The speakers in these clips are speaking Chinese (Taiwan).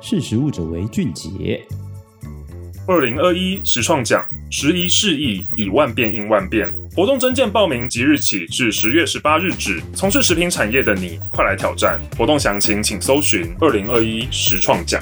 識時務者為俊傑。二零二一食創獎，時移世易，以萬變應萬變，活動徵件報名即日起至十月十八日止。從事食品產業的你，快來挑戰！活動詳情請搜尋“二零二一食創獎”。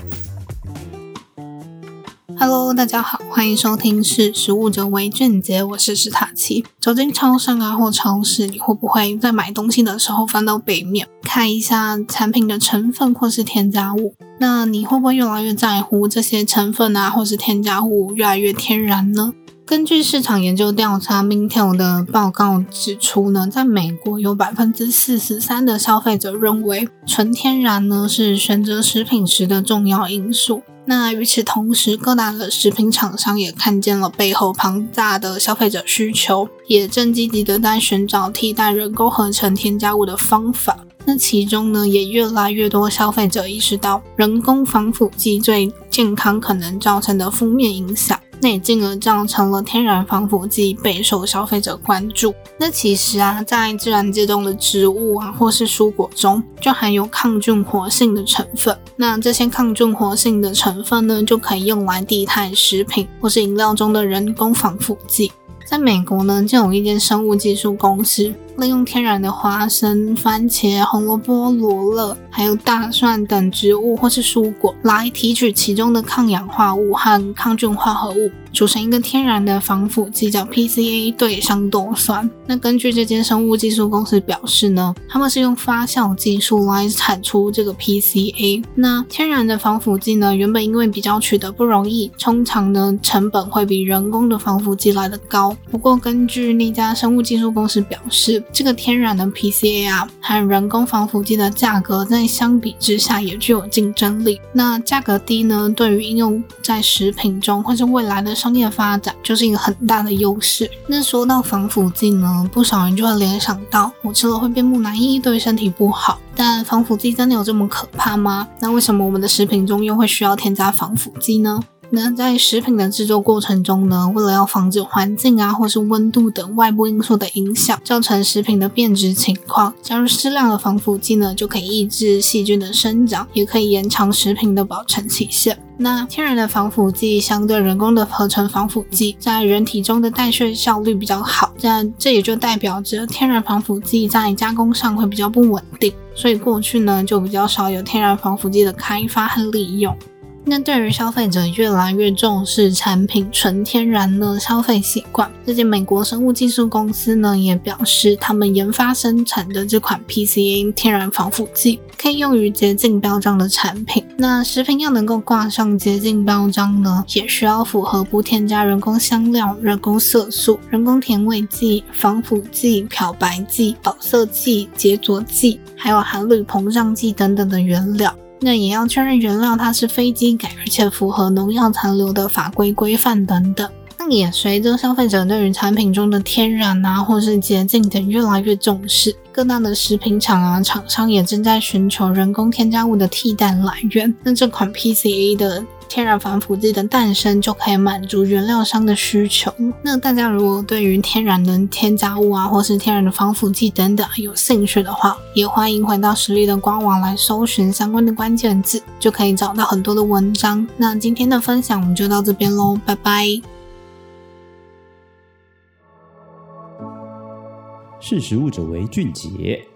哈嘍，大家好。歡迎收聽《識食物者為俊傑》，我是史塔奇。走進超商啊，或超市，你會不會在買東西的時候翻到背面看一下產品的成分或是添加物？那你會不會越來越在乎這些成分啊，或是添加物越來越天然呢？根據市場研究調查，Mintel 的報告指出呢，在美國有百分之四十三的消費者認為純天然呢是選擇食品時的重要因素。那與此同時，各大的食品廠商也看見了背後龐大的消費者需求，也正積極地在尋找替代人工合成添加物的方法。那其中呢，也越來越多消費者意識到人工防腐劑對健康可能造成的負面影響。那也進而造成了天然防腐劑，備受消費者關注。那其實啊，在自然界中的植物啊，或是蔬果中，就含有抗菌活性的成分。那這些抗菌活性的成分呢，就可以用來替代食品或是飲料中的人工防腐劑。在美國呢，就有一間生物技術公司。利用天然的花生、番茄、紅蘿蔔、羅勒、還有大蒜等植物或是蔬果來提取其中的抗氧化物和抗菌化合物，組成一個天然的防腐劑，叫 PCA 對香豆酸。那根據這間生物技術公司表示呢，他們是用發酵技術來產出這個 PCA。那天然的防腐劑呢，原本因為比較取得不容易，通常呢成本會比人工的防腐劑來得高。不過根據那家生物技術公司表示，這個天然的 PCA 啊，和人工防腐劑的價格在相比之下也具有競爭力。那價格低呢，對於應用在食品中或是未來的商業發展，就是一個很大的優勢。那說到防腐劑呢，不少人就會聯想到我吃了會變木乃伊，對身體不好。但防腐劑真的有這麼可怕嗎？那為什麼我們的食品中又會需要添加防腐劑呢？那在食品的製作過程中呢，為了要防止環境啊或是溫度等外部因素的影響，造成食品的變質情況，加入適量的防腐劑呢，就可以抑制細菌的生長，也可以延長食品的保存期限。那天然的防腐劑相對人工的合成防腐劑，在人體中的代謝效率比較好，那這也就代表着天然防腐劑在加工上會比較不穩定，所以過去呢就比較少有天然防腐劑的開發和利用。那對於消費者越來越重視產品純天然的消費習慣，最近美國生物技術公司呢也表示，他們研發生產的這款 PCA 天然防腐劑可以用於潔淨標章的產品。那食品要能夠掛上潔淨標章呢，也需要符合不添加人工香料、人工色素、人工甜味劑、防腐劑、漂白劑、保色劑、結著劑，還有含鋁膨脹劑等等的原料。那也要確認原料它是非基改，而且符合農藥殘留的法規規範等等。那也隨着消費者對於產品中的天然啊，或是潔淨等越來越重視，各大的食品廠啊廠商也正在尋求人工添加物的替代來源。那這款 PCA 的。天然防腐劑的誕生就可以滿足原料商的需求。那大家如果對於天然的添加物啊，或是天然的防腐劑等等有興趣的話，也歡迎回到食力的官網來搜尋相關的關鍵字，就可以找到很多的文章。那今天的分享我們就到這邊嘍，拜拜。識時務者為俊傑。